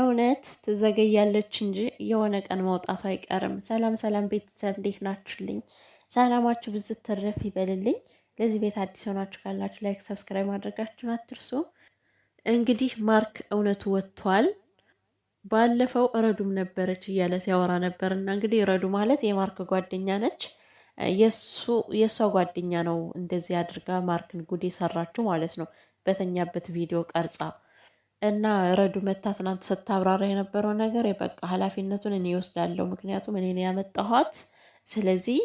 እውነት ትዘገያለች እንጂ የሆነ ቀን መውጣቱ አይቀርም። ሰላም ሰላም ቤተሰብ እንዴት ናችሁልኝ? ሰላማችሁ ብዙ ትርፍ ይበልልኝ። ለዚህ ቤት አዲስ ሆናችሁ ካላችሁ ላይክ፣ ሰብስክራይብ ማድረጋችሁን አትርሱ። እንግዲህ ማርክ እውነቱ ወጥቷል። ባለፈው ረዱም ነበረች እያለ ሲያወራ ነበር እና እንግዲህ ረዱ ማለት የማርክ ጓደኛ ነች። የእሷ ጓደኛ ነው እንደዚህ አድርጋ ማርክን ጉድ የሰራችሁ ማለት ነው። በተኛበት ቪዲዮ ቀርጻ እና ረዱ መታ ትናንት ስታብራራ የነበረው ነገር በቃ ኃላፊነቱን እኔ ይወስዳለሁ፣ ምክንያቱም እኔ ነው ያመጣኋት። ስለዚህ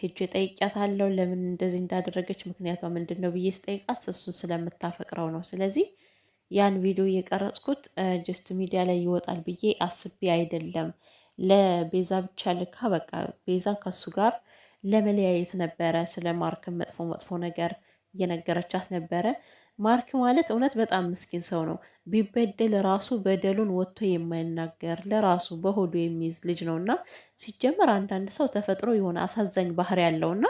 ሄጄ ጠይቂያታለሁ፣ ለምን እንደዚህ እንዳደረገች ምክንያቷ ምንድን ነው ብዬ ስጠይቃት እሱን ስለምታፈቅረው ነው። ስለዚህ ያን ቪዲዮ እየቀረጽኩት ጀስት ሚዲያ ላይ ይወጣል ብዬ አስቤ አይደለም። ለቤዛ ብቻ ልካ በቃ ቤዛ ከሱ ጋር ለመለያየት ነበረ። ስለ ማርክም መጥፎ መጥፎ ነገር እየነገረቻት ነበረ። ማርክ ማለት እውነት በጣም ምስኪን ሰው ነው። ቢበደል ራሱ በደሉን ወጥቶ የማይናገር ለራሱ በሆዱ የሚይዝ ልጅ ነው እና ሲጀመር አንዳንድ ሰው ተፈጥሮ የሆነ አሳዛኝ ባህሪ ያለውና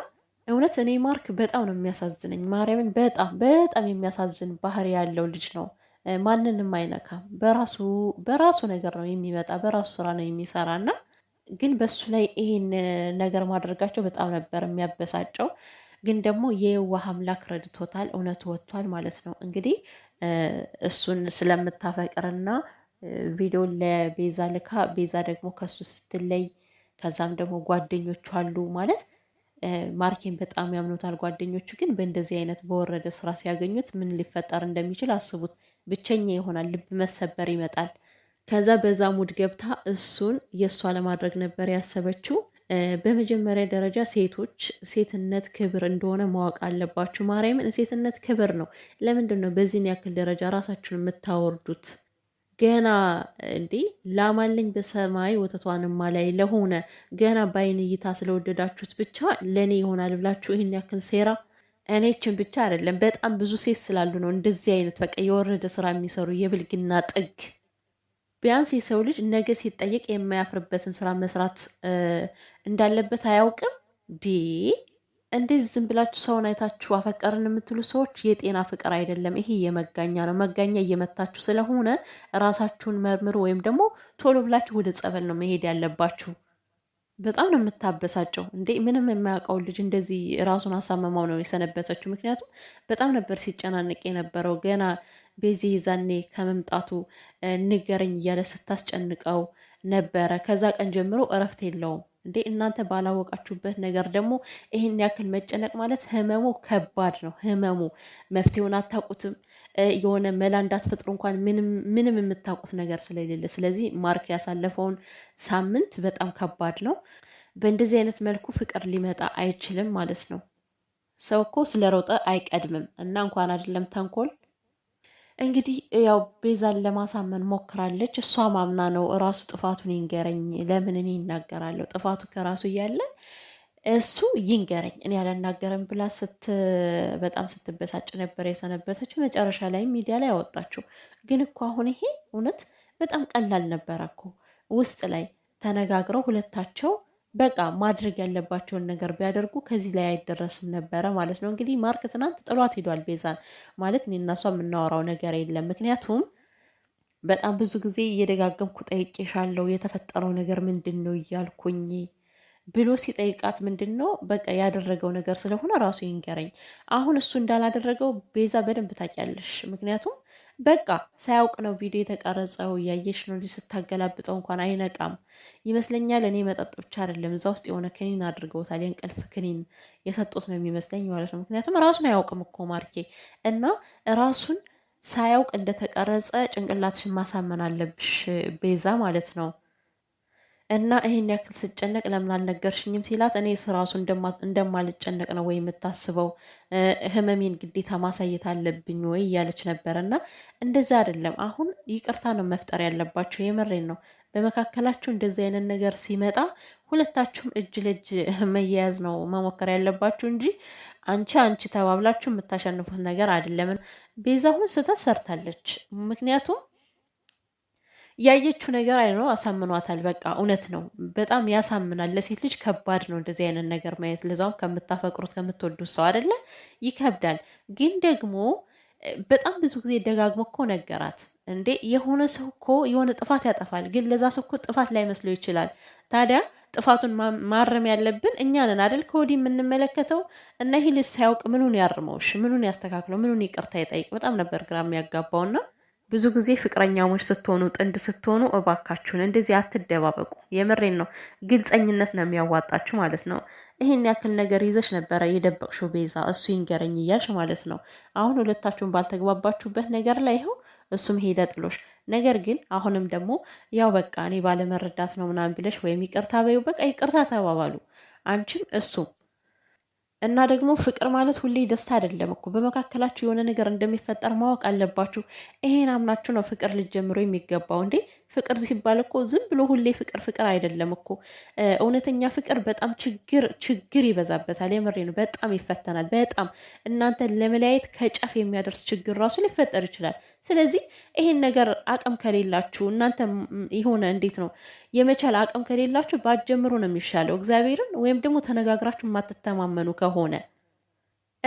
እውነት እኔ ማርክ በጣም ነው የሚያሳዝነኝ። ማርያምን በጣም በጣም የሚያሳዝን ባህሪ ያለው ልጅ ነው። ማንንም አይነካም። በራሱ በራሱ ነገር ነው የሚመጣ፣ በራሱ ስራ ነው የሚሰራ እና ግን በሱ ላይ ይሄን ነገር ማድረጋቸው በጣም ነበር የሚያበሳጨው። ግን ደግሞ የየዋህ አምላክ ረድቶታል። እውነቱ ወጥቷል ማለት ነው። እንግዲህ እሱን ስለምታፈቅርና ቪዲዮን ለቤዛ ልካ ቤዛ ደግሞ ከሱ ስትለይ ከዛም ደግሞ ጓደኞቹ አሉ ማለት ማርኬን በጣም ያምኑታል ጓደኞቹ። ግን በእንደዚህ አይነት በወረደ ስራ ሲያገኙት ምን ሊፈጠር እንደሚችል አስቡት። ብቸኛ ይሆናል፣ ልብ መሰበር ይመጣል። ከዛ በዛ ሙድ ገብታ እሱን የእሷ ለማድረግ ነበር ያሰበችው። በመጀመሪያ ደረጃ ሴቶች ሴትነት ክብር እንደሆነ ማወቅ አለባችሁ። ማርያምን ሴትነት ክብር ነው። ለምንድን ነው በዚህን ያክል ደረጃ ራሳችሁን የምታወርዱት? ገና እንዴ ላማለኝ በሰማይ ወተቷንማ ላይ ለሆነ ገና በአይን እይታ ስለወደዳችሁት ብቻ ለእኔ ይሆናል ብላችሁ ይህን ያክል ሴራ እኔችን ብቻ አይደለም፣ በጣም ብዙ ሴት ስላሉ ነው እንደዚህ አይነት በቃ የወረደ ስራ የሚሰሩ የብልግና ጥግ ቢያንስ የሰው ልጅ ነገ ሲጠየቅ የማያፍርበትን ስራ መስራት እንዳለበት አያውቅም። ዲ እንዴት ዝም ብላችሁ ሰውን አይታችሁ አፈቀርን የምትሉ ሰዎች የጤና ፍቅር አይደለም፣ ይሄ የመጋኛ ነው። መጋኛ እየመታችሁ ስለሆነ ራሳችሁን መርምሩ፣ ወይም ደግሞ ቶሎ ብላችሁ ወደ ጸበል ነው መሄድ ያለባችሁ። በጣም ነው የምታበሳጨው እንዴ! ምንም የማያውቀው ልጅ እንደዚህ ራሱን አሳመማው ነው የሰነበተችው። ምክንያቱም በጣም ነበር ሲጨናነቅ የነበረው ገና ቤዚ ይዛኔ ከመምጣቱ ንገረኝ እያለ ስታስጨንቀው ነበረ። ከዛ ቀን ጀምሮ እረፍት የለውም። እንዴ እናንተ ባላወቃችሁበት ነገር ደግሞ ይህን ያክል መጨነቅ ማለት ህመሙ ከባድ ነው። ህመሙ መፍትሄውን አታውቁትም። የሆነ መላ እንዳትፈጥሩ እንኳን ምንም የምታውቁት ነገር ስለሌለ፣ ስለዚህ ማርክ ያሳለፈውን ሳምንት በጣም ከባድ ነው። በእንደዚህ አይነት መልኩ ፍቅር ሊመጣ አይችልም ማለት ነው። ሰው እኮ ስለሮጠ አይቀድምም እና እንኳን አይደለም ተንኮል እንግዲህ ያው ቤዛን ለማሳመን ሞክራለች። እሷ ማምና ነው እራሱ ጥፋቱን ይንገረኝ፣ ለምን እኔ ይናገራለሁ? ጥፋቱ ከራሱ እያለ እሱ ይንገረኝ፣ እኔ አላናገረም ብላ ስት በጣም ስትበሳጭ ነበር የሰነበተችው። መጨረሻ ላይ ሚዲያ ላይ አወጣችው ግን እኮ አሁን ይሄ እውነት በጣም ቀላል ነበረ እኮ ውስጥ ላይ ተነጋግረው ሁለታቸው በቃ ማድረግ ያለባቸውን ነገር ቢያደርጉ ከዚህ ላይ አይደረስም ነበረ ማለት ነው። እንግዲህ ማርክ ትናንት ጥሏት ሄዷል ቤዛን። ማለት እኔ እና እሷ የምናወራው ነገር የለም ምክንያቱም በጣም ብዙ ጊዜ እየደጋገምኩ ጠይቄሻለሁ፣ የተፈጠረው ነገር ምንድን ነው እያልኩኝ ብሎ ሲጠይቃት ምንድን ነው በቃ ያደረገው ነገር ስለሆነ ራሱ ይንገረኝ። አሁን እሱ እንዳላደረገው ቤዛ በደንብ ታውቂያለሽ። ምክንያቱም በቃ ሳያውቅ ነው ቪዲዮ የተቀረጸው። እያየሽ ነው እንጂ ስታገላብጠው እንኳን አይነቃም ይመስለኛል። እኔ መጠጥ ብቻ አይደለም እዛ ውስጥ የሆነ ክኒን አድርገውታል። የእንቅልፍ ክኒን የሰጡት ነው የሚመስለኝ ማለት ነው። ምክንያቱም ራሱን አያውቅም እኮ ማርኬ። እና ራሱን ሳያውቅ እንደተቀረጸ ጭንቅላትሽን ማሳመን አለብሽ ቤዛ ማለት ነው። እና ይህን ያክል ስጨነቅ ለምን አልነገርሽኝም ሲላት እኔ ስራሱ እንደማልጨነቅ ነው ወይ የምታስበው? ህመሜን ግዴታ ማሳየት አለብኝ ወይ እያለች ነበር። እና እንደዚያ አይደለም። አሁን ይቅርታ ነው መፍጠር ያለባቸው። የምሬን ነው። በመካከላችሁ እንደዚህ አይነት ነገር ሲመጣ ሁለታችሁም እጅ ለእጅ መያያዝ ነው መሞከር ያለባችሁ እንጂ አንቺ አንቺ ተባብላችሁ የምታሸንፉት ነገር አይደለም። ቤዛ አሁን ስህተት ሰርታለች። ምክንያቱም ያየችው ነገር አይኖ አሳምኗታል። በቃ እውነት ነው፣ በጣም ያሳምናል። ለሴት ልጅ ከባድ ነው እንደዚህ አይነት ነገር ማየት፣ ለዛውም ከምታፈቅሩት ከምትወዱት ሰው አደለ፣ ይከብዳል። ግን ደግሞ በጣም ብዙ ጊዜ ደጋግሞ እኮ ነገራት እንዴ። የሆነ ሰው እኮ የሆነ ጥፋት ያጠፋል፣ ግን ለዛ ሰው እኮ ጥፋት ላይመስለው ይችላል። ታዲያ ጥፋቱን ማረም ያለብን እኛ ነን አደል፣ ከወዲህ የምንመለከተው እና ይህ ልጅ ሳያውቅ ምኑን ያርመውሽ? ምኑን ያስተካክለው? ምኑን ይቅርታ ይጠይቅ? በጣም ነበር ግራ የሚያጋባውና ብዙ ጊዜ ፍቅረኛሞች ስትሆኑ ጥንድ ስትሆኑ እባካችሁን እንደዚህ አትደባበቁ። የምሬን ነው። ግልጸኝነት ነው የሚያዋጣችሁ ማለት ነው። ይህን ያክል ነገር ይዘሽ ነበረ የደበቅሽው ቤዛ፣ እሱ ይንገረኝ እያልሽ ማለት ነው። አሁን ሁለታችሁን ባልተግባባችሁበት ነገር ላይ ይኸው እሱም ሄደ ጥሎሽ። ነገር ግን አሁንም ደግሞ ያው በቃ እኔ ባለመረዳት ነው ምናምን ብለሽ ወይም ይቅርታ በይው፣ በቃ ይቅርታ ተባባሉ አንቺም እሱም እና ደግሞ ፍቅር ማለት ሁሌ ደስታ አይደለም እኮ። በመካከላችሁ የሆነ ነገር እንደሚፈጠር ማወቅ አለባችሁ። ይሄን አምናችሁ ነው ፍቅር ልጀምሮ የሚገባው እንዴ። ፍቅር ሲባል እኮ ዝም ብሎ ሁሌ ፍቅር ፍቅር አይደለም እኮ። እውነተኛ ፍቅር በጣም ችግር ችግር ይበዛበታል። የምሬ ነው። በጣም ይፈተናል። በጣም እናንተ ለመለያየት ከጫፍ የሚያደርስ ችግር ራሱ ሊፈጠር ይችላል። ስለዚህ ይሄን ነገር አቅም ከሌላችሁ እናንተ የሆነ እንዴት ነው የመቻል አቅም ከሌላችሁ ባትጀምሩ ነው የሚሻለው። እግዚአብሔርን ወይም ደግሞ ተነጋግራችሁ የማትተማመኑ ከሆነ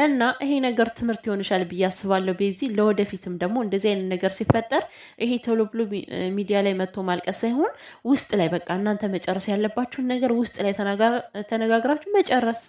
እና ይሄ ነገር ትምህርት ይሆንሻል ብዬ አስባለሁ። ቤዚ ለወደፊትም ደግሞ እንደዚህ አይነት ነገር ሲፈጠር ይሄ ቶሎ ብሎ ሚዲያ ላይ መጥቶ ማልቀስ ሳይሆን ውስጥ ላይ በቃ እናንተ መጨረስ ያለባችሁን ነገር ውስጥ ላይ ተነጋግራችሁ መጨረስ